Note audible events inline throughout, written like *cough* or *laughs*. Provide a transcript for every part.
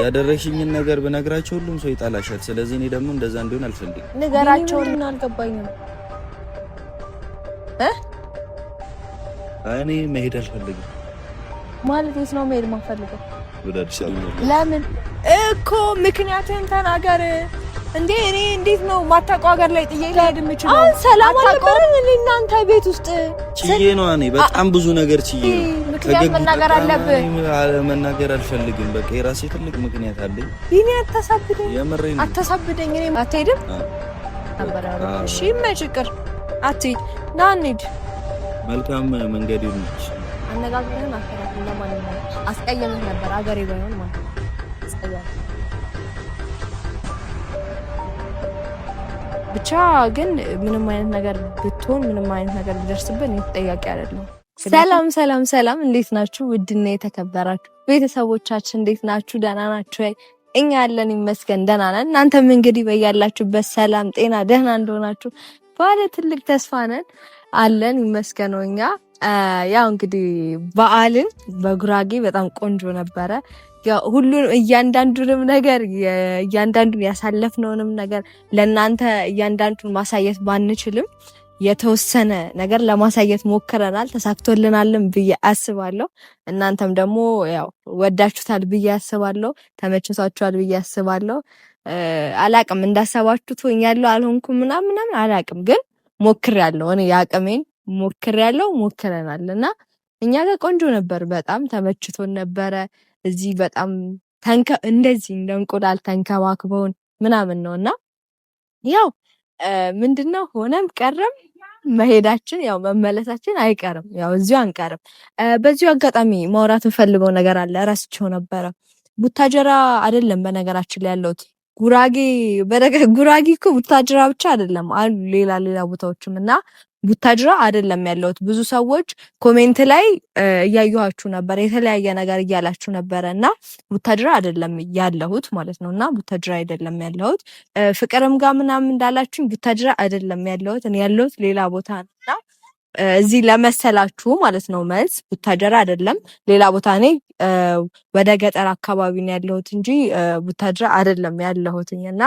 ያደረሽኝን ነገር ብነግራቸው ሁሉም ሰው ይጣላሻል። ስለዚህ እኔ ደግሞ እንደዛ እንዲሆን አልፈልግም። ንገራቸውን። አልገባኝም። እኔ መሄድ አልፈልግም ማለት የት ነው መሄድ ማፈልገው? ለምን እኮ ምክንያትን ተናገር። እንዴ እኔ እንዴት ነው ማታውቀው ሀገር ላይ ጥዬ ልሄድ የምችለው? አሁን ሰላም አልነበረም እኔ እናንተ ቤት ውስጥ ችዬ ነው። እኔ በጣም ብዙ ነገር ችዬ ነው። ምክንያት መናገር አለብህ። መናገር አልፈልግም። በቃ የራሴ ትልቅ ምክንያት አለኝ። ይኔ አታሳብደኝ፣ የምሬ አታሳብደኝ። እኔ አትሄድም። እሺ መጭቅር አትሄድ፣ ና እንሂድ። መልካም መንገድ ይሁንልሽ። አነጋግረህን አስተካክል። ለማንኛውም አስቀየምህ ነበር አገሬ ባይሆን ማለት ነው። ብቻ ግን ምንም አይነት ነገር ብትሆን ምንም አይነት ነገር ቢደርስብን ተጠያቂ አይደለም። ሰላም ሰላም ሰላም፣ እንዴት ናችሁ? ውድና የተከበራችሁ ቤተሰቦቻችን እንዴት ናችሁ? ደህና ናችሁ? እኛ ያለን ይመስገን ደህና ነን። እናንተም እንግዲህ በያላችሁበት ሰላም፣ ጤና፣ ደህና እንደሆናችሁ ባለ ትልቅ ተስፋ ነን አለን ይመስገን እኛ ያው እንግዲህ በዓልን በጉራጌ በጣም ቆንጆ ነበረ ሁሉን እያንዳንዱንም ነገር እያንዳንዱን ያሳለፍነውንም ነገር ለእናንተ እያንዳንዱን ማሳየት ባንችልም የተወሰነ ነገር ለማሳየት ሞክረናል። ተሳክቶልናልም ብዬ አስባለሁ። እናንተም ደግሞ ያው ወዳችሁታል ብዬ አስባለሁ። ተመችቷችኋል ብዬ አስባለሁ። አላቅም እንዳሰባችሁት ሆኛለሁ አልሆንኩም ምናምን ምናምን አላቅም፣ ግን ሞክሬያለሁ። እኔ የአቅሜን ሞክሬያለሁ። ሞክረናል እና እኛ ጋር ቆንጆ ነበር። በጣም ተመችቶን ነበረ። እዚህ በጣም እንደዚህ እንደ እንቁላል ተንከባክበውን ምናምን ነው እና ያው ምንድነው ሆነም ቀረም መሄዳችን ያው መመለሳችን አይቀርም። ያው እዚሁ አንቀርም። በዚሁ አጋጣሚ ማውራት ፈልገው ነገር አለ፣ እረስቸው ነበረ። ቡታጀራ አይደለም በነገራችን ላይ ያለሁት ጉራጌ። ጉራጌ እኮ ቡታጀራ ብቻ አይደለም አሉ ሌላ ሌላ ቦታዎችም እና ቡታጅራ አይደለም ያለሁት። ብዙ ሰዎች ኮሜንት ላይ እያየኋችሁ ነበር፣ የተለያየ ነገር እያላችሁ ነበረ እና ቡታጅራ አይደለም ያለሁት ማለት ነው። እና ቡታጅራ አይደለም ያለሁት ፍቅርም ጋር ምናምን እንዳላችሁኝ ቡታጅራ አይደለም ያለሁት እኔ ያለሁት ሌላ ቦታ ነው እና እዚህ ለመሰላችሁ ማለት ነው መልስ ቡታጀራ አይደለም ሌላ ቦታ እኔ ወደ ገጠር አካባቢ ነው ያለሁት እንጂ ቡታጅራ አይደለም ያለሁትኝ እና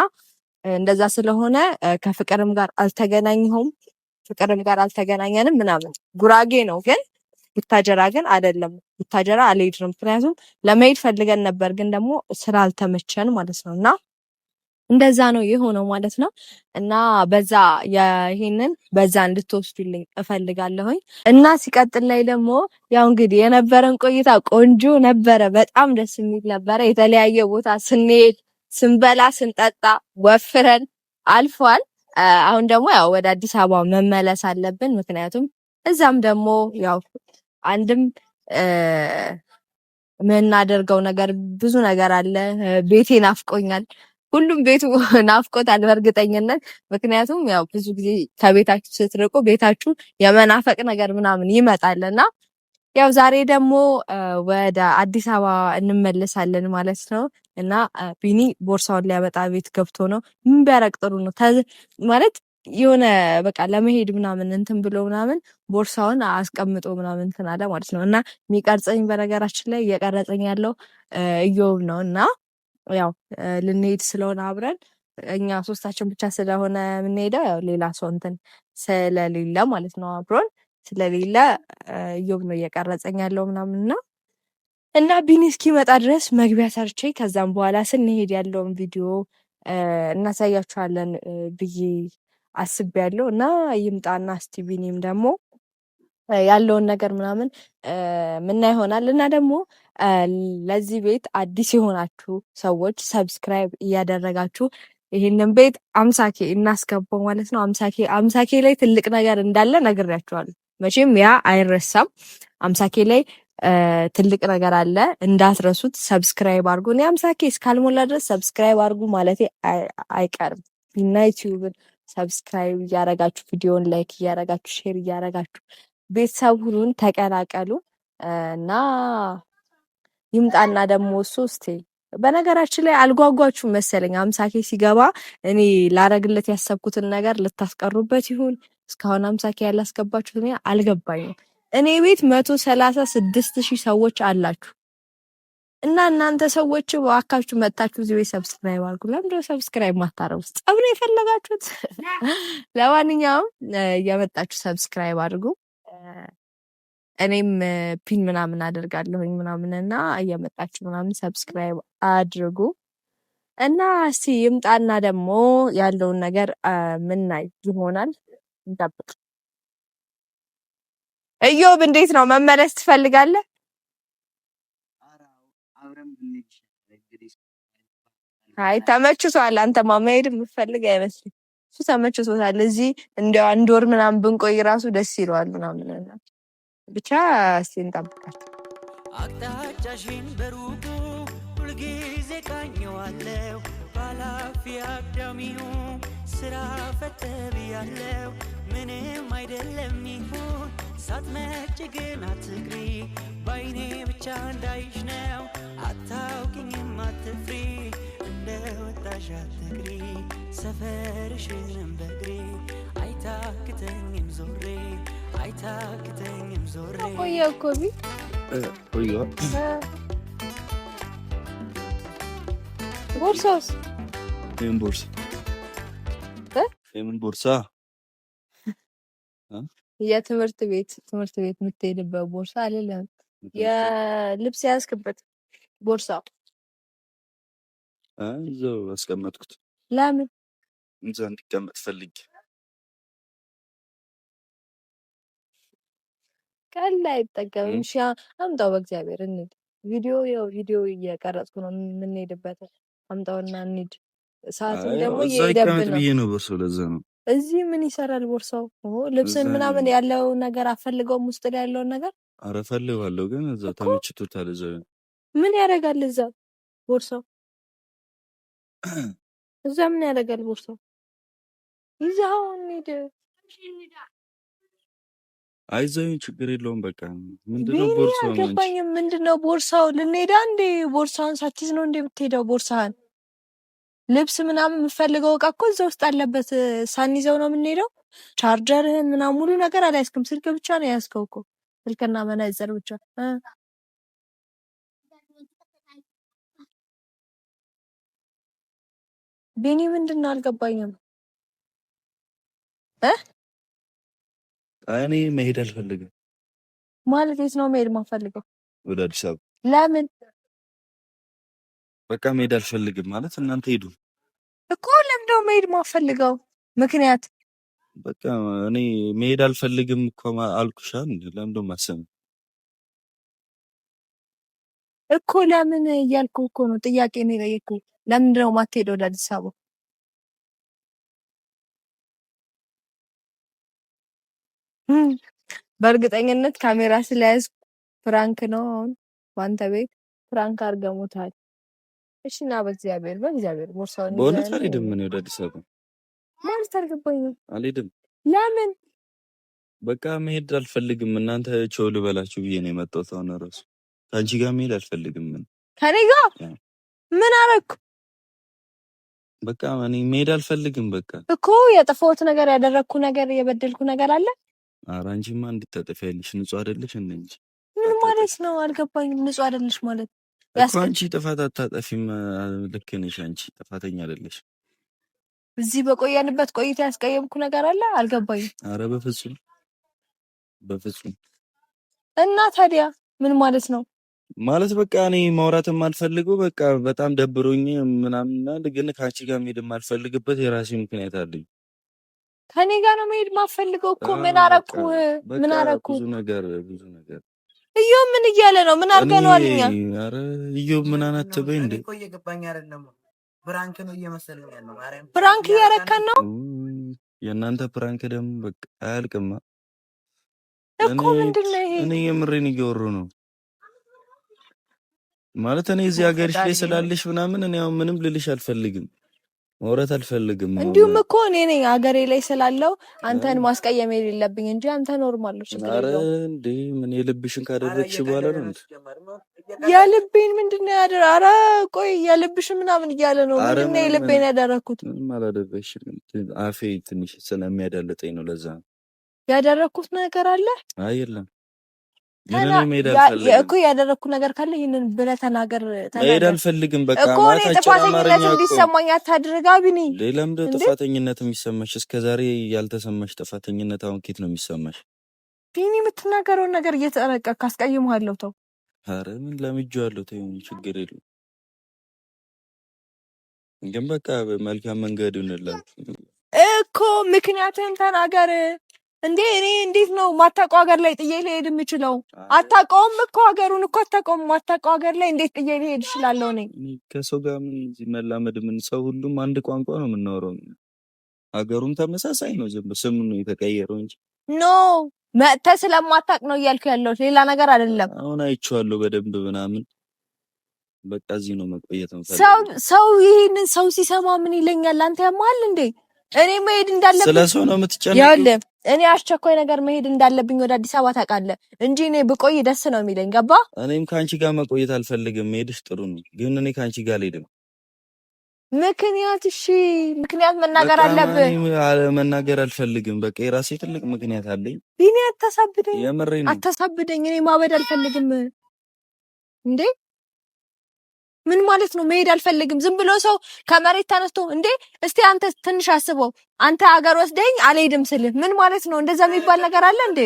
እንደዛ ስለሆነ ከፍቅርም ጋር አልተገናኘሁም። ፍቅርም ጋር አልተገናኘንም ምናምን ጉራጌ ነው ግን ቡታጀራ ግን አይደለም። ቡታጀራ አልሄድንም። ምክንያቱም ለመሄድ ፈልገን ነበር፣ ግን ደግሞ ስራ አልተመቸን ማለት ነው። እና እንደዛ ነው የሆነው ማለት ነው። እና በዛ ይሄንን በዛ እንድትወስዱልኝ እፈልጋለሁኝ። እና ሲቀጥል ላይ ደግሞ ያው እንግዲህ የነበረን ቆይታ ቆንጆ ነበረ፣ በጣም ደስ የሚል ነበረ። የተለያየ ቦታ ስንሄድ ስንበላ፣ ስንጠጣ ወፍረን አልፏል። አሁን ደግሞ ያው ወደ አዲስ አበባ መመለስ አለብን። ምክንያቱም እዛም ደግሞ ያው አንድም የምናደርገው ነገር ብዙ ነገር አለ። ቤቴ ናፍቆኛል። ሁሉም ቤቱ *laughs* ናፍቆታል በእርግጠኝነት። ምክንያቱም ያው ብዙ ጊዜ ከቤታችሁ ስትርቁ ቤታችሁ የመናፈቅ ነገር ምናምን ይመጣል እና ያው ዛሬ ደግሞ ወደ አዲስ አበባ እንመለሳለን ማለት ነው እና ቢኒ ቦርሳውን ሊያመጣ ቤት ገብቶ ነው። ምን ቢያረቅ ጥሩ ነው ማለት የሆነ በቃ ለመሄድ ምናምን እንትን ብሎ ምናምን ቦርሳውን አስቀምጦ ምናምን እንትን አለ ማለት ነው እና የሚቀርጸኝ በነገራችን ላይ እየቀረጸኝ ያለው እዮብ ነው እና ያው ልንሄድ ስለሆነ አብረን እኛ ሶስታችን ብቻ ስለሆነ የምንሄደው ያው ሌላ ሰው እንትን ስለሌለ ማለት ነው አብሮን ስለሌለ እዮብ ነው እየቀረጸኝ ያለው ምናምን እና እና ቢኒ እስኪመጣ ድረስ መግቢያ ሰርቼ ከዛም በኋላ ስንሄድ ያለውን ቪዲዮ እናሳያችኋለን ብዬ ያለው እና ይምጣና እስቲ ቢኒም ደግሞ ያለውን ነገር ምናምን ምና ይሆናል እና ደግሞ ለዚህ ቤት አዲስ የሆናችሁ ሰዎች ሰብስክራይብ እያደረጋችሁ ይህንን ቤት አምሳኬ እናስገባው ማለት ነው። አምሳኬ አምሳኬ ላይ ትልቅ ነገር እንዳለ ነግሬያችኋለሁ። መቼም ያ አይረሳም። አምሳኬ ላይ ትልቅ ነገር አለ እንዳትረሱት። ሰብስክራይብ አርጉ። እኔ አምሳኬ እስካልሞላ ድረስ ሰብስክራይብ አርጉ ማለቴ አይቀርም እና ዩቲዩብን ሰብስክራይብ እያረጋችሁ ቪዲዮን ላይክ እያረጋችሁ ሼር እያረጋችሁ ቤተሰብ ሁሉን ተቀላቀሉ እና ይምጣና ደግሞ እሱ እስቲ በነገራችን ላይ አልጓጓችሁ መሰለኝ አምሳኬ ሲገባ እኔ ላረግለት ያሰብኩትን ነገር ልታስቀሩበት ይሁን እስካሁን አምሳ ኬ ያላስገባችሁት እኔ አልገባኝም። እኔ ቤት መቶ ሰላሳ ስድስት ሺህ ሰዎች አላችሁ እና እናንተ ሰዎች አካችሁ መጣችሁ እዚህ ቤት ሰብስክራይብ አድርጉ። ለምንድነው ሰብስክራይብ ማታረጉት? ጸብ ነው የፈለጋችሁት? *laughs* ለማንኛውም እየመጣችሁ ሰብስክራይብ አድርጉ። እኔም ፒን ምናምን አደርጋለሁኝ ምናምን እና እየመጣችሁ ምናምን ሰብስክራይብ አድርጉ እና እስቲ ይምጣና ደግሞ ያለውን ነገር ምናይ ይሆናል። እንጠብቅ። እዮብ እንዴት ነው? መመለስ ትፈልጋለህ? አይ ተመችቷል። አንተማ መሄድ የምትፈልግ አይመስልም። እሱ ተመችቶታል። እዚህ እንዲያው አንድ ወር ምናምን ብንቆይ ራሱ ደስ ይለዋል ምናምን ብቻ እስኪ እንጠብቃለን። አቅጣጫሽን በሩቁ ሁልጊዜ ቃኘዋለሁ ባላፊ አዳሚው ስራ ፈተ ያለው ምንም አይደለም ይሁን ሳትመጭ ግን አትግሪ ባይኔ ብቻ እንዳይሽ ነው አታውቂኝም አትፍሪ እንደ ወጣሽ አትግሪ ሰፈርሽንም በግሬ አይታክተኝም ዞሬ አይታክተኝም ዞሬ ቆየ ኮቢ ቦርሳውስ ቦርሳ የምን ቦርሳ? የትምህርት ቤት ትምህርት ቤት የምትሄድበት ቦርሳ አይደለም። የልብስ ያዝክበት ቦርሳ እዛው አስቀመጥኩት። ለምን እዛ እንዲቀመጥ ፈልግ። ቀን ላይ አይጠቀምም። እሺ አምጣው፣ በእግዚአብሔር እንሂድ። ቪዲዮ ያው ቪዲዮ እየቀረጽኩ ነው የምንሄድበት። አምጣውና እንሂድ ሰዓትም ደግሞ ይሄደብን ነው። ለዛ ነው እዚህ ምን ይሰራል ቦርሳው፣ ልብስን ምናምን ያለው ነገር አፈልገውም ውስጥ ላይ ያለውን ነገር አረፈልጋለሁ፣ ግን እዛ ተመችቶታል። እዛ ምን ያደርጋል? እዛ ቦርሳው እዛ ምን ያደርጋል? ቦርሳው ይዛው እንሂድ። አይዞኝ ችግር የለውም በቃ ምንድነው ቦርሳው? ምንድነው ቦርሳው? ልንሄዳ እንዴ? ቦርሳውን ሳትይዝ ነው እንዴ የምትሄደው ቦርሳህን ልብስ ምናምን የምፈልገው እቃ እኮ እዛ ውስጥ አለበት። ሳንይዘው ነው የምንሄደው። ቻርጀርህን ምናምን ሙሉ ነገር አልያዝክም። ስልክ ብቻ ነው የያዝከው እኮ ስልክና መነጽር ብቻ። ቤኒ ምንድን ነው አልገባኝም። እኔ መሄድ አልፈልግም ማለት የት ነው መሄድ ማፈልገው? ወደ አዲስ አበባ ለምን በቃ መሄድ አልፈልግም ማለት እናንተ ሄዱ እኮ። ለምደው መሄድ ማፈልገው ምክንያት በቃ እኔ መሄድ አልፈልግም እኮ አልኩሻ። ለምደው ማሰብ እኮ ለምን እያልኩ እኮ ነው ጥያቄ ነው የጠየቅኩ። ለምንድን ነው ማትሄደው ወደ አዲስ አበባ? በእርግጠኝነት ካሜራ ስለያዝኩ ፍራንክ ነው። አሁን ባንተ ቤት ፍራንክ አድርገሙታል። እሺ እና በእግዚአብሔር በእግዚአብሔር ቦርሳውን በእውነት አልሄድም። ምን ወደ አዲስ አበባ ማለት አልገባኝም። አልሄድም። ለምን? በቃ መሄድ አልፈልግም። እናንተ ቸው ልበላችሁ ብዬ ነው የመጣሁት። አሁን እራሱ ከአንቺ ጋር መሄድ አልፈልግም። ምን ከኔ ጋር ምን አደረኩ? በቃ እኔ መሄድ አልፈልግም። በቃ እኮ ያጠፋሁት ነገር ያደረግኩ ነገር የበደልኩ ነገር አለ። ኧረ አንቺማ እንድታጠፊ ያለሽ ንጹህ አይደለሽ እንጂ ምን ማለት ነው? አልገባኝም። ንጹህ አይደለሽ ማለት እኮ አንቺ ጥፋት አታጠፊም። ልክ ነሽ። አንቺ ጥፋተኛ አይደለሽ። እዚህ በቆየንበት ቆይታ ያስቀየምኩ ነገር አለ አልገባኝም። አረ በፍጹም በፍጹም። እና ታዲያ ምን ማለት ነው? ማለት በቃ እኔ ማውራት የማልፈልገው በቃ በጣም ደብሮኝ ምናምን፣ ግን ከአንቺ ጋር መሄድ የማልፈልግበት የራሴ ምክንያት አለኝ። ከኔ ጋር ነው መሄድ የማልፈልገው እኮ። ምን አረኩ? ምን አረኩ? ብዙ ነገር ብዙ ነገር እዮም ምን እያለ ነው? ምን ነው አለኛ። እኛ? እዮም ምን አናተበይ እንዴ? አይደለም። ፕራንክ እያረካን ነው። የእናንተ ፕራንክ ደግሞ በቃ አያልቅማ እኮ። ምንድን ነው ይሄ? እኔ የምሬን እየወሩ ነው ማለት እኔ እዚህ ሀገርሽ ላይ ስላለሽ ምናምን እኔ አሁን ምንም ልልሽ አልፈልግም። መውረት አልፈልግም። እንዲሁም እኮ እኔ ነኝ አገሬ ላይ ስላለው አንተን ማስቀየም የሌለብኝ እንጂ አንተ ኖርማል ነው። ችግር እንዲ ምን የልብሽን ካደረግሽ በኋላ ነው የልቤን ምንድን ነው ያደረ አረ ቆይ የልብሽን ምናምን እያለ ነው። ምንድን ነው የልቤን ያደረግኩት? ምንም አላደረግሽም። አፌ ትንሽ ስለሚያዳልጠኝ ነው። ለዛ ያደረግኩት ነገር አለ። አይ የለም እኮ ያደረግኩ ነገር ካለ ይህንን ብለህ ተናገር። መሄድ አልፈልግም። በቃ ጥፋተኝነት እንዲሰማኝ አታድርግ አቢኒ። ለምንድን ነው ጥፋተኝነት የሚሰማሽ? እስከ ዛሬ ያልተሰማሽ ጥፋተኝነት አሁን ኬት ነው የሚሰማሽ? ቢኒ፣ የምትናገረውን ነገር እየተጠነቀቅክ አስቀይምሃለሁ። ተው። ኧረ ምን ለምጁ አለው። ተው፣ ችግር የለም። ግን በቃ መልካም መንገድ እንላለን እኮ ምክንያትን ተናገር። እንዴ እኔ እንዴት ነው ማታውቀው ሀገር ላይ ጥዬ ሊሄድ የምችለው? አታውቀውም እኮ ሀገሩን እኮ አታውቀውም። ማታውቀው ሀገር ላይ እንዴት ጥዬ ሊሄድ እችላለሁ? እኔ ከሰው ጋር ምን መላመድ ምን ሰው ሁሉም አንድ ቋንቋ ነው የምናወራው። ሀገሩም ተመሳሳይ ነው፣ ዝም ስም ነው የተቀየረው እንጂ ኖ መጥተህ ስለማታውቅ ነው እያልኩ ያለሁት ሌላ ነገር አይደለም። አሁን አይቼዋለሁ በደንብ ምናምን በቃ እዚህ ነው መቆየት ሰው ሰው ይሄንን ሰው ሲሰማ ምን ይለኛል? አንተ ያማል እንዴ እኔ መሄድ እንዳለብኝ ስለ ሰው ነው የምትጨነቀው እኔ አስቸኳይ ነገር መሄድ እንዳለብኝ ወደ አዲስ አበባ ታውቃለህ እንጂ እኔ ብቆይ ደስ ነው የሚለኝ። ገባ? እኔም ከአንቺ ጋር መቆየት አልፈልግም። መሄድሽ ጥሩ ነው፣ ግን እኔ ከአንቺ ጋር አልሄድም። ምክንያት? እሺ፣ ምክንያት መናገር አለብህ። መናገር አልፈልግም። በቃ የራሴ ትልቅ ምክንያት አለኝ። ቢኒ፣ አታሳብደኝ፣ አታሳብደኝ። እኔ ማበድ አልፈልግም እንዴ ምን ማለት ነው? መሄድ አልፈልግም። ዝም ብሎ ሰው ከመሬት ተነስቶ እንዴ፣ እስቲ አንተ ትንሽ አስበው፣ አንተ አገር ወስደኝ አልሄድም ስልህ ምን ማለት ነው? እንደዛ የሚባል ነገር አለ እንዴ?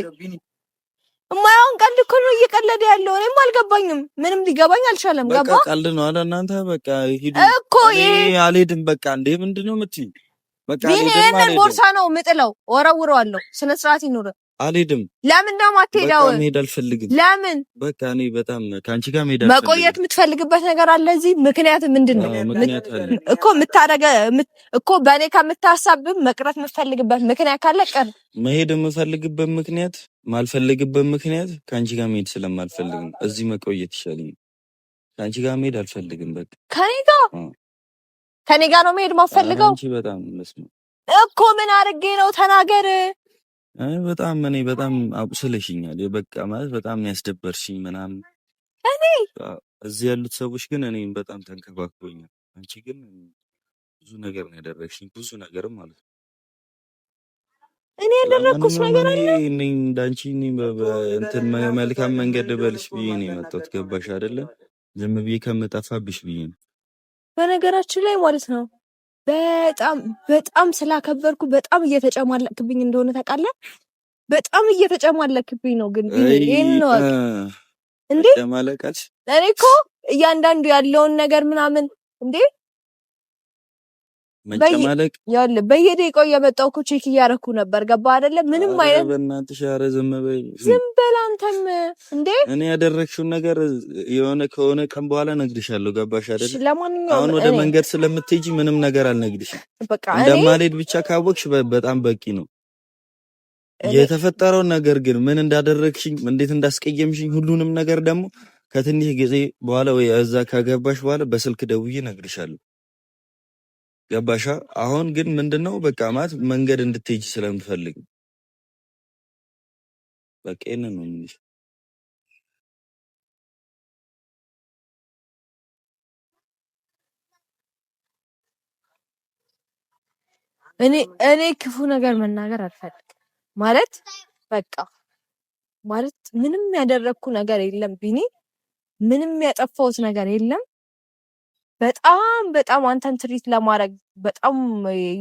እማያውን ቀልድ እኮ ነው እየቀለደ ያለው። እኔም አልገባኝም፣ ምንም ሊገባኝ አልቻለም። ገባ ቀልድ ነው አለ እናንተ። በቃ ሂዱ እኮ ይሄ አልሄድም። በቃ እንዴ፣ ምንድን ነው የምትይኝ? በቃ ይሄንን ቦርሳ ነው የምጥለው፣ ወረውረዋለሁ። ስነ ስርዓት ይኑር። አልሄድም። ለምን ደግሞ አትሄዳው? መሄድ አልፈልግም። ለምን? በቃ እኔ በጣም ከአንቺ ጋር መሄድ መቆየት የምትፈልግበት ነገር አለ እዚህ። ምክንያት ምንድን ነው እኮ የምታደርገ እኮ በእኔ ከምታሳብም መቅረት የምትፈልግበት ምክንያት ካለ ቀር መሄድ የምፈልግበት ምክንያት ማልፈልግበት ምክንያት ከአንቺ ጋር መሄድ ስለማልፈልግ እዚህ መቆየት ይሻለኝ። ከአንቺ ጋር መሄድ አልፈልግም። በቃ ከኔ ጋር ከኔ ጋር ነው መሄድ ማፈልገው እኮ ምን አድርጌ ነው ተናገር በጣም እኔ በጣም አቁስለሽኛል። በቃ ማለት በጣም ያስደበርሽኝ ምናምን። እኔ እዚህ ያሉት ሰዎች ግን እኔም በጣም ተንከባክቦኛል። አንቺ ግን ብዙ ነገር ነው ያደረግሽኝ፣ ብዙ ነገርም ማለት ነው። እኔ ያደረግኩት ነገር አለ እንዳንቺ እንትን መልካም መንገድ በልሽ ብዬ ነው የመጣሁት። ገባሽ አይደለም? ዝም ብዬ ከምጠፋብሽ ብዬ ነው። በነገራችን ላይ ማለት ነው በጣም በጣም ስላከበርኩ በጣም እየተጨማለክብኝ እንደሆነ ታውቃለህ። በጣም እየተጨማለክብኝ ነው። ግን ይህን ነው እንዴ እኔ እኮ እያንዳንዱ ያለውን ነገር ምናምን እንዴ መጨማለቅ ያለ በየደቂቃው እየመጣሁ እኮ ቼክ እያደረኩ ነበር። ገባ አይደለ? ምንም አይነት በእናትሽ፣ ኧረ ዝም በይ ዝም በል አንተም እንዴ። እኔ ያደረግሽውን ነገር የሆነ ከሆነ ቀን በኋላ እነግርሻለሁ። ገባሽ አይደለ? ለማንኛውም አሁን ወደ መንገድ ስለምትሄጂ ምንም ነገር አልነግርሽም። በቃ እንደማልሄድ ብቻ ካወቅሽ በጣም በቂ ነው። የተፈጠረውን ነገር ግን ምን እንዳደረግሽኝ፣ እንዴት እንዳስቀየምሽኝ ሁሉንም ነገር ደግሞ ከትንሽ ጊዜ በኋላ ወይ እዛ ካገባሽ በኋላ በስልክ ደውዬ እነግርሻለሁ። ገባሻ? አሁን ግን ምንድነው በቃ ማለት መንገድ እንድትሄጂ ስለምፈልግ በቃ ይሄንን ነው የምልሽ። እኔ እኔ ክፉ ነገር መናገር አልፈልግም ማለት በቃ ማለት ምንም ያደረግኩ ነገር የለም ቢኒ፣ ምንም ያጠፋሁት ነገር የለም። በጣም በጣም አንተን ትሪት ለማድረግ በጣም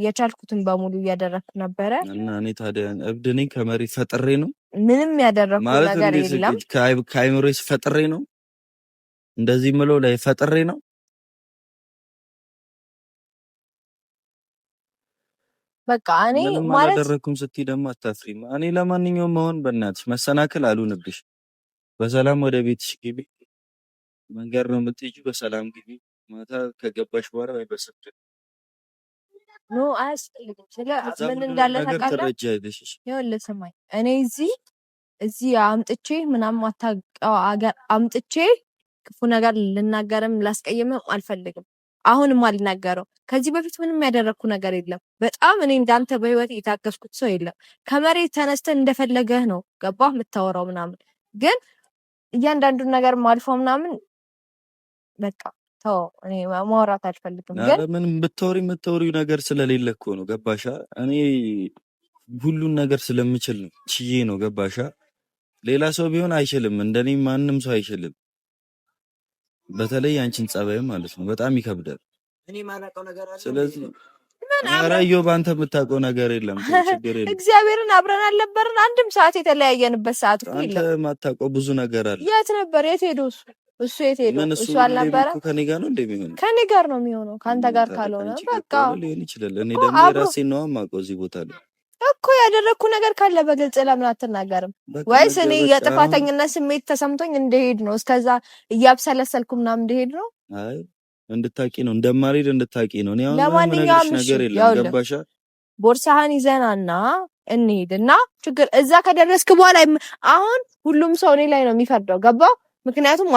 የቻልኩትን በሙሉ እያደረግኩ ነበረ። እና እኔ ታዲያ እብድ ነኝ? ከመሬት ፈጥሬ ነው ምንም ያደረግኩ ነገር የለም። ከአይምሮስ ፈጥሬ ነው እንደዚህ ምለው ላይ ፈጥሬ ነው በቃ እኔ ማለት አላደረኩም። ስትይ ደግሞ አታፍሪም። እኔ ለማንኛውም መሆን በእናትሽ መሰናክል አሉንብሽ። በሰላም ወደ ቤትሽ ግቢ። መንገድ ነው የምትሄጂው፣ በሰላም ግቢ። ማታ ከገባሽ በኋላ ወይ በሰጠኝ ኖ አያስጠይቅም። ስለ ምን እንዳለ ታውቃለህ? እኔ እዚህ እዚህ አምጥቼ ምናምን አታውቃው አገር አምጥቼ ክፉ ነገር ልናገርም ላስቀይምም አልፈልግም። አሁንም አልናገረው። ከዚህ በፊት ምንም ያደረግኩ ነገር የለም። በጣም እኔ እንዳንተ በህይወት የታገስኩት ሰው የለም። ከመሬት ተነስተን እንደፈለገህ ነው ገባህ የምታወራው ምናምን፣ ግን እያንዳንዱን ነገር አልፎ ምናምን በቃ ማውራት አልፈልግም። ምን ብታወሪ የምታወሪው ነገር ስለሌለ እኮ ነው ገባሻ? እኔ ሁሉን ነገር ስለምችል ነው ችዬ ነው ገባሻ? ሌላ ሰው ቢሆን አይችልም፣ እንደኔ ማንም ሰው አይችልም። በተለይ አንቺን ጸባይም ማለት ነው በጣም ይከብዳል። ስለዚህ ራዮ በአንተ የምታውቀው ነገር የለም። እግዚአብሔርን አብረን አልነበርን አንድም ሰዓት የተለያየንበት ሰዓት የለም። አንተ የማታውቀው ብዙ ነገር አለ። የት ነበር? የት ሄዶ እሱ እሱ የት ሄዶ? እሱ አልነበረ ከኔ ጋር ነው እንደሚሆነው ከኔ ጋር ነው የሚሆነው። ከአንተ ጋር ካልሆነ በቃ ሊሆን ይችላል። እኔ ደግሞ የራሴን ነው የማውቀው። እዚህ ቦታ ላይ እኮ ያደረግኩ ነገር ካለ በግልጽ ለምን አትናገርም? ወይስ እኔ የጥፋተኝነት ስሜት ተሰምቶኝ እንደሄድ ነው? እስከዛ እያብሰለሰልኩ ምናምን እንደሄድ ነው? አይ እንድታቂ ነው እንደማልሄድ እንድታቂ ነው። እኔ አሁን ለማንኛውም ነገር የለም ገባሻ? ቦርሳህን ይዘናና እንሂድ እና ችግር እዛ ከደረስክ በኋላ አሁን ሁሉም ሰው እኔ ላይ ነው የሚፈርደው። ገባው ምክንያቱም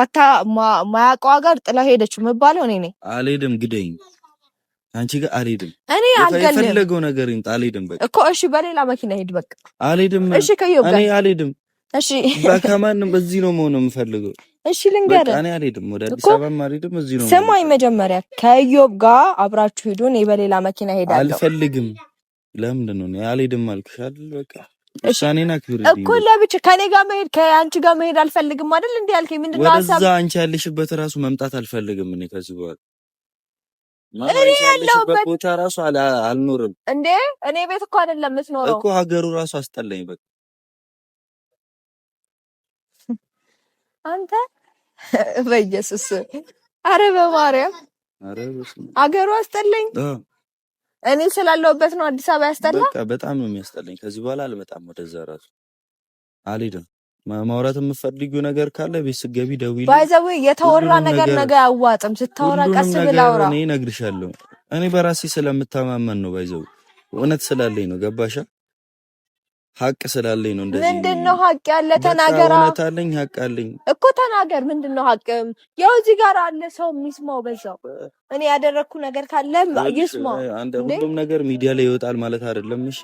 ማያውቀው ጋር ጥላ ሄደች የምባለው እኔ ነኝ። አልሄድም ግደኝ አንቺ ጋር አልሄድም። እኔ አልገልም። የፈለገው ነገር ይምጣ አልሄድም። በቃ እኮ እሺ፣ በሌላ መኪና ሄድ በቃ አልሄድም። እሺ፣ ከየው ጋር እኔ አልሄድም። እሺ፣ በቃ ማንም በዚህ ነው መሆን የምፈልገው። እሺ፣ ልንገርህ፣ እኔ አልሄድም፣ ወደ አዲስ አበባ አልሄድም። እዚህ ነው። ስማኝ፣ መጀመሪያ ከየው ጋር አብራችሁ ሄዱን፣ እኔ በሌላ መኪና ሄዳለሁ። አልፈልግም። ለምንድን ነው እኔ አልሄድም አልኩሽ አይደል? በቃ ውሳኔና ክብር እኮ ለብቻ ከኔ ጋር መሄድ ከአንቺ ጋር መሄድ አልፈልግም አይደል እንዴ ያልከኝ ምንድነው? ሀሳብ ወደዛ አንቺ ያለሽበት ራሱ መምጣት አልፈልግም እኔ ከዚህ በኋላ እኔ ያለሁበት ቦታ ራሱ አልኖርም እንዴ እኔ ቤት እኮ አይደለም የምትኖረው እኮ ሀገሩ ራሱ አስጠላኝ። በቃ አንተ በኢየሱስ አረ በማርያም አረ አስጠላኝ እኔ ስላለሁበት ነው። አዲስ አበባ ያስጠላ፣ በጣም ነው የሚያስጠላኝ። ከዚህ በኋላ አልመጣም ወደዛ። ራሱ አልሄድም። ማውራት የምፈልጊው ነገር ካለ ቤት ስትገቢ ደውዪልኝ። ባይዘዌ የተወራ ነገር ነገ አያዋጥም። ስታወራ ቀስ ብላ አውራ። እኔ እነግርሻለሁ። እኔ በራሴ ስለምተማመን ነው። ባይዘዌ እውነት ስላለኝ ነው። ገባሻ? ሀቅ ስላለኝ ነው እንደዚህ። ምንድን ነው ሀቅ ያለ ተናገር። እውነት አለኝ ሀቅ አለኝ እኮ ተናገር። ምንድን ነው ሀቅ? ያው እዚህ ጋር አለ ሰው የሚስማው በዛው። እኔ ያደረግኩ ነገር ካለ ይስማው። ሁሉም ነገር ሚዲያ ላይ ይወጣል ማለት አይደለም። እሺ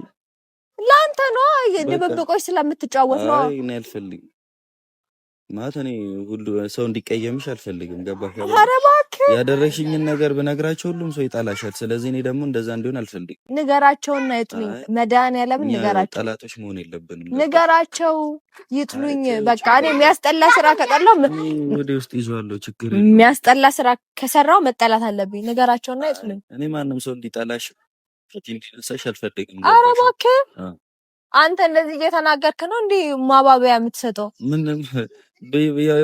ለአንተ ነው ድብብቆች ስለምትጫወት ነው። እኔ አልፈልግም ማለት እኔ ሁሉ ሰው እንዲቀየምሽ አልፈልግም። ገባ ያደረሽኝን ነገር ብነግራቸው ሁሉም ሰው ይጠላሻል። ስለዚህ እኔ ደግሞ እንደዛ እንዲሆን አልፈልግም። ንገራቸውና ይጥሉኝ። መድኃኒዓለምን ንገራቸው። ጠላቶች መሆን የለብንም። ንገራቸው፣ ይጥሉኝ። በቃ እኔ የሚያስጠላ ስራ ከጠላው ወደ ውስጥ ይዘዋለሁ። ችግር የሚያስጠላ ስራ ከሰራው መጠላት አለብኝ። ንገራቸውና ይጥሉኝ። እኔ ማንም ሰው እንዲጠላሽ ሰሽ አልፈልግም። ኧረ እባክህ አንተ እንደዚህ እየተናገርክ ነው እንዲህ ማባበያ የምትሰጠው? ምንም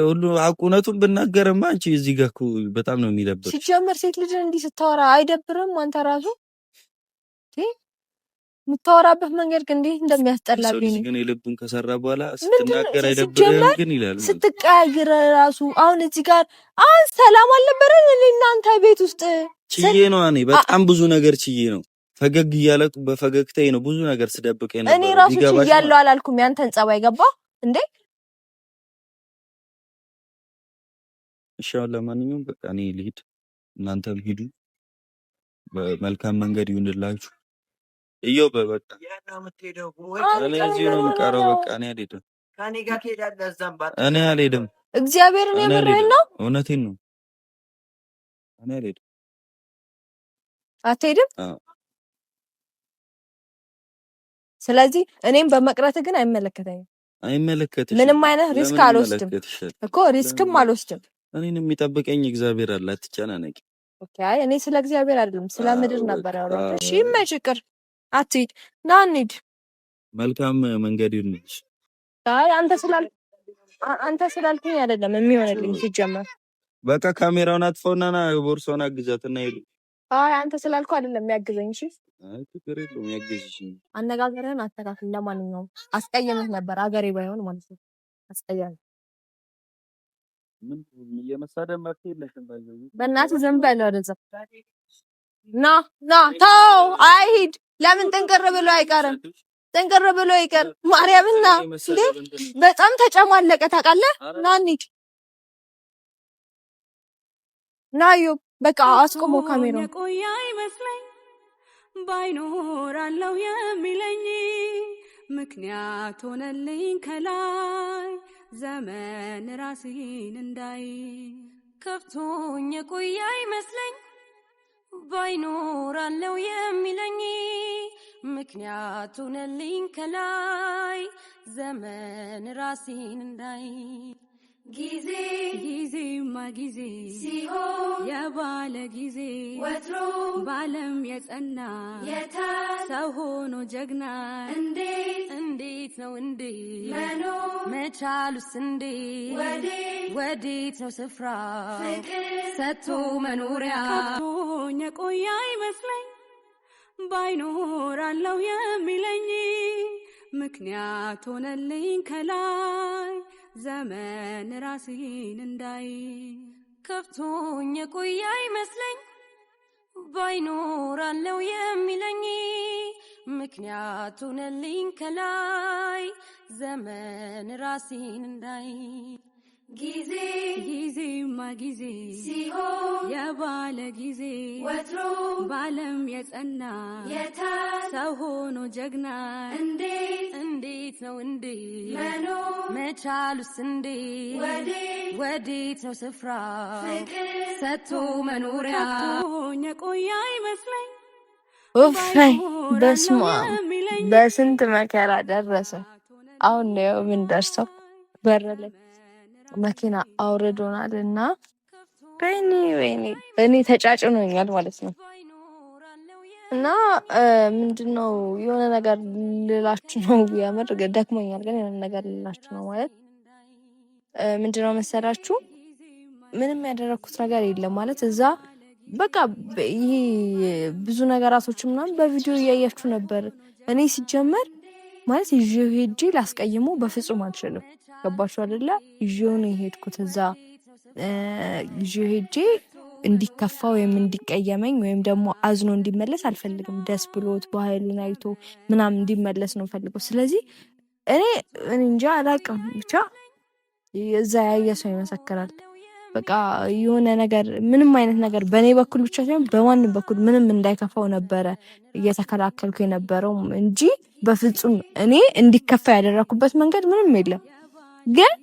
ሁሉ እውነቱን ብናገርማ አንቺ እዚህ ጋር እኮ በጣም ነው የሚደብር። ሲጀምር ሴት ልጅን እንዲህ ስታወራ አይደብርም? አንተ ራሱ የምታወራበት መንገድ ግን እንዴት እንደሚያስጠላብኝ ግን የልብን ከሰራ በኋላ ስትናገር አይደብርም ግን ይላል። ስትቀያይር ራሱ አሁን እዚህ ጋር አሁን ሰላም አልነበረን እኔ እናንተ ቤት ውስጥ ችዬ ነው እኔ በጣም ብዙ ነገር ችዬ ነው ፈገግ እያለ በፈገግታ ነው ብዙ ነገር ስደብቅ ነበር። እኔ ራሱ እያለሁ አላልኩም። ያንተን ጸባይ ገባ እንዴ? እሺ፣ ለማንኛውም በቃ እኔ ልሂድ፣ እናንተም ሂዱ። በመልካም መንገድ ይሁንላችሁ። እዮ በበቃ እኔ እዚሁ ነው የምቀረው። በቃ እኔ አልሄድም፣ እኔ አልሄድም። እግዚአብሔርን የምርህን ነው? እውነቴን ነው። እኔ አልሄድም። አትሄድም? አዎ ስለዚህ እኔም በመቅረት ግን አይመለከተኝም። አይመለከትሽም። ምንም አይነት ሪስክ አልወስድም እኮ ሪስክም አልወስድም። እኔን የሚጠብቀኝ እግዚአብሔር አለ፣ አትጨናነቂ። እኔ ስለ እግዚአብሔር አይደለም ስለ ምድር ነበር ያወራሁት። እሺ ይመችቅር አትሂድ፣ ና እንሂድ። መልካም መንገድ ይሁንልሽ። አንተ ስላል አንተ ስላልከኝ አይደለም የሚሆንልኝ። ሲጀመር በቃ ካሜራውን አጥፈውና ና ቦርሳውን አግዛትና ሄዱ አይ አንተ ስላልኩ አይደለም የሚያግዘኝ። እሺ ችግር የለውም ያግዝሽ። አነጋገርህን አስተካክል። ለማንኛውም አስቀየምህ ነበር አገሬ ባይሆን ማለት ነው። ምን የመሳደብ ባይዘው በእናትህ ዝም በል ወደዛ። ና ና ተው አይሂድ። ለምን ጥንቅር ብሎ አይቀርም? ጥንቅር ብሎ ይቀር። ማርያምና እንዴ በጣም ተጨማለቀ ታውቃለህ። ና እንሂድ። በቃ አስቆሞ ካሜራ ቆያ ይመስለኝ ባይኖር አለው የሚለኝ ምክንያት ሆነልኝ ከላይ ዘመን ራስህን እንዳይ ከፍቶኝ የቆየ አይመስለኝ ባይኖር አለው የሚለኝ ምክንያት ሆነልኝ ከላይ ዘመን ራሴን እንዳይ ጊዜ ጊዜማ ጊዜ ሲሆን የባለ ጊዜ ወትሮ ባለም የጸና የታ ሰው ሆኖ ጀግና እንዴት እንዴት ነው እንዴ መኖር መቻሉስ እንዴት ወዴት ወዴት ነው ስፍራ ፍቅር ሰጥቶ መኖሪያ ከቶኝ የቆየ አይመስለኝ ባይኖራለሁ የሚለኝ ምክንያት ሆነልኝ ከላይ ዘመን ራሴን እንዳይ ከፍቶኝ የቆየ አይመስለኝ ባይኖር አለው የሚለኝ ምክንያት ሆነልኝ ከላይ ዘመን ራሴን እንዳይ ጊዜ ጊዜማ ጊዜ ሲሆን የባለ ጊዜ ወትሮ ባለም የጸና የታ ሰው ሆኖ ጀግና እንዴት እንዴት ነው እንዴ መኖር መቻሉስ እንዴ ወዴት ወዴት ነው ስፍራ ፍቅር ሰጥቶ መኖሪያ የቆያ ይመስለኝ ኡፋይ በስማ በስንት መከራ ደረሰ። አሁን ነው ምን ደርሰው በረለኝ መኪና አውርዶናል እና በኔ ወይኔ በእኔ ተጫጭኖኛል ማለት ነው። እና ምንድነው የሆነ ነገር ልላችሁ ነው ያምር ደክሞኛል፣ ግን የሆነ ነገር ልላችሁ ነው ማለት ምንድነው መሰላችሁ፣ ምንም ያደረግኩት ነገር የለም ማለት እዛ በቃ ይሄ ብዙ ነገራቶች ምናምን በቪዲዮ እያያችሁ ነበር። እኔ ሲጀመር ማለት ይዤው ሄጄ ላስቀይሞ በፍጹም አልችልም። ገባችሁ አደለ? ይዤው ነው የሄድኩት እዛ ይዤው ሄጄ እንዲከፋ ወይም እንዲቀየመኝ ወይም ደግሞ አዝኖ እንዲመለስ አልፈልግም። ደስ ብሎት ባህሉን አይቶ ምናምን እንዲመለስ ነው ፈልገው። ስለዚህ እኔ እንጃ አላቅም ብቻ እዛ ያየ ሰው ይመሰክራል። በቃ የሆነ ነገር ምንም አይነት ነገር በእኔ በኩል ብቻ ሳይሆን በማንም በኩል ምንም እንዳይከፋው ነበረ እየተከላከልኩ የነበረው እንጂ በፍጹም እኔ እንዲከፋ ያደረኩበት መንገድ ምንም የለም። ግን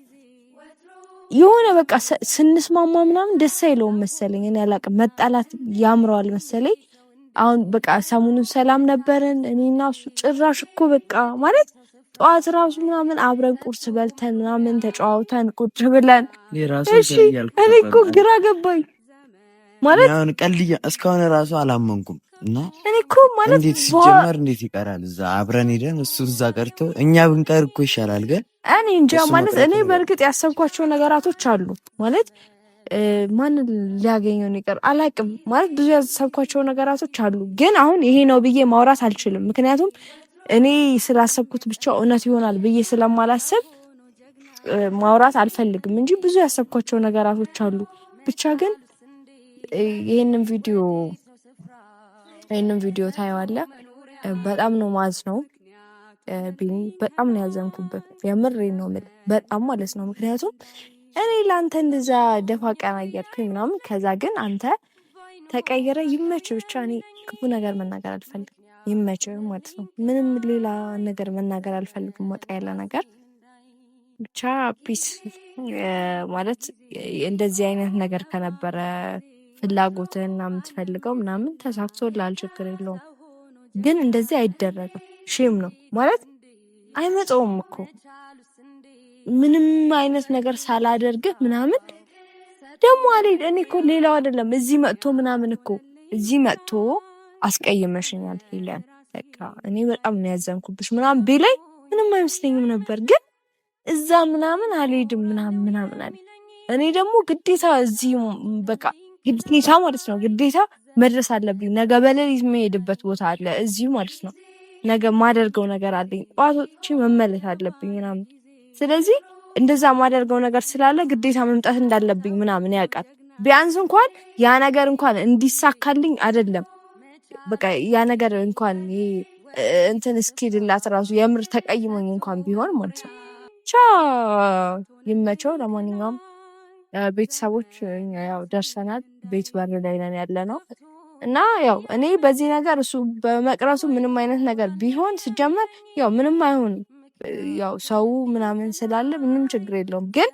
የሆነ በቃ ስንስማማ ምናምን ደስ አይለውም መሰለኝ። እኔ አላቅም፣ መጣላት ያምረዋል መሰለኝ። አሁን በቃ ሰሞኑን ሰላም ነበርን እኔና እሱ ጭራሽ እኮ በቃ ማለት ጠዋት ራሱ ምናምን አብረን ቁርስ በልተን ምናምን ተጨዋውተን ቁጭ ብለን እኔ እኮ ግራ ገባኝ። ማለት ቀልያ እስካሁን ራሱ አላመንኩም። እና እኔ እኮ ማለት እንዴት ሲጀመር እንዴት ይቀራል? እዛ አብረን ሄደን እሱ እዛ ቀርቶ እኛ ብንቀር እኮ ይሻላል። ግን እኔ እንጃ ማለት እኔ በእርግጥ ያሰብኳቸው ነገራቶች አሉ ማለት ማን ሊያገኘውን ይቀር አላቅም። ማለት ብዙ ያሰብኳቸው ነገራቶች አሉ፣ ግን አሁን ይሄ ነው ብዬ ማውራት አልችልም። ምክንያቱም እኔ ስላሰብኩት ብቻ እውነት ይሆናል ብዬ ስለማላሰብ ማውራት አልፈልግም እንጂ ብዙ ያሰብኳቸው ነገራቶች አሉ። ብቻ ግን ይህንን ቪዲዮ ይህንን ቪዲዮ ታየዋለ። በጣም ነው ማዝ ነው ቢኒ፣ በጣም ነው ያዘንኩበት። የምሬ ነው ምል በጣም ማለት ነው። ምክንያቱም እኔ ለአንተ እንደዛ ደፋ ቀና እያልኩኝ ምናምን፣ ከዛ ግን አንተ ተቀይረ ይመች ብቻ። እኔ ክፉ ነገር መናገር አልፈልግም። ይመቸው ማለት ነው። ምንም ሌላ ነገር መናገር አልፈልግም። ወጣ ያለ ነገር ብቻ ፒስ ማለት እንደዚህ አይነት ነገር ከነበረ ፍላጎትህና የምትፈልገው ምናምን ተሳክቶልሃል፣ ችግር የለውም። ግን እንደዚህ አይደረግም። ሼም ነው ማለት አይመጣውም እኮ ምንም አይነት ነገር ሳላደርግህ ምናምን ደግሞ አሌ እኔ እኮ ሌላው አይደለም እዚህ መጥቶ ምናምን እኮ እዚህ መጥቶ አስቀይመሽኛል ሄለን በቃ እኔ በጣም ነው ያዘንኩብሽ ምናምን ቢለኝ ምንም አይመስለኝም ነበር። ግን እዛ ምናምን አልሄድም ምናምን ምናምን አለ። እኔ ደግሞ ግዴታ እዚህ በቃ ግዴታ ማለት ነው ግዴታ መድረስ አለብኝ። ነገ በሌሊት የሚሄድበት ቦታ አለ እዚሁ ማለት ነው። ነገ ማደርገው ነገር አለኝ። ጠዋት ወጥቼ መመለስ አለብኝ ምናምን። ስለዚህ እንደዛ ማደርገው ነገር ስላለ ግዴታ መምጣት እንዳለብኝ ምናምን ያውቃል። ቢያንስ እንኳን ያ ነገር እንኳን እንዲሳካልኝ አይደለም በቃ ያ ነገር እንኳን እንትን እስኪድላት ራሱ የምር ተቀይሞኝ እንኳን ቢሆን ማለት ነው። ቻ ይመቸው። ለማንኛውም ቤተሰቦች ያው ደርሰናል። ቤት በር ላይ ነን ያለ ነው እና ያው እኔ በዚህ ነገር እሱ በመቅረሱ ምንም አይነት ነገር ቢሆን ስጀመር ያው ምንም አይሆን ያው ሰው ምናምን ስላለ ምንም ችግር የለውም። ግን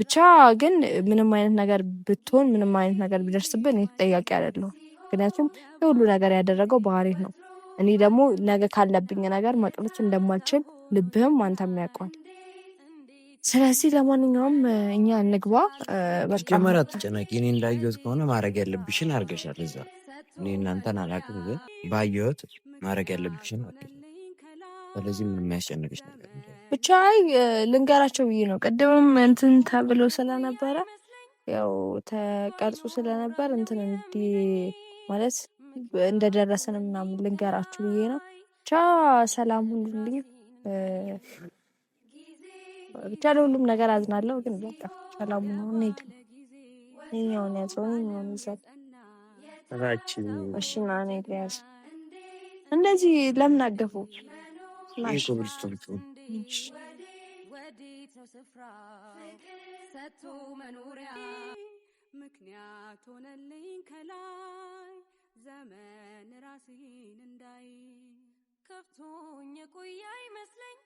ብቻ ግን ምንም አይነት ነገር ብትሆን ምንም አይነት ነገር ቢደርስብን እኔ ተጠያቂ አይደለሁም። ምክንያቱም የሁሉ ነገር ያደረገው ባህሪህ ነው። እኔ ደግሞ ነገ ካለብኝ ነገር መቅረት እንደማልችል ልብህም አንተም ያውቀዋል። ስለዚህ ለማንኛውም እኛ እንግባ። መጀመሪያ አትጨነቂ። እኔ እንዳየሁት ከሆነ ማድረግ ያለብሽን አድርገሻል። እዛ እኔ እናንተን አላውቅም፣ ግን ባየሁት ማድረግ ያለብሽን አድርገሻል። ስለዚህ ምን የሚያስጨንቅሽ ነገር ብቻ ልንገራቸው ብዬ ነው። ቅድምም እንትን ተብሎ ስለነበረ ያው ተቀርጹ ስለነበር እንትን እንዲ ማለት እንደደረሰን ምናምን ልንገራችሁ ብዬ ነው። ብቻ ሰላም ሁሉልኝ። ብቻ ለሁሉም ነገር አዝናለሁ፣ ግን በቃ ሰላም ነው። እንሂድ። ይኸኛውን ያዘውን ሆን ይዛል እሺና ነ ያዝ እንደዚህ ለምን አገፉ ሰቶ መኖሪያ ምክንያት ሆነልኝ ከላይ ዘመን ራሴን እንዳይ ከፍቶኝ የቆየ አይመስለኝ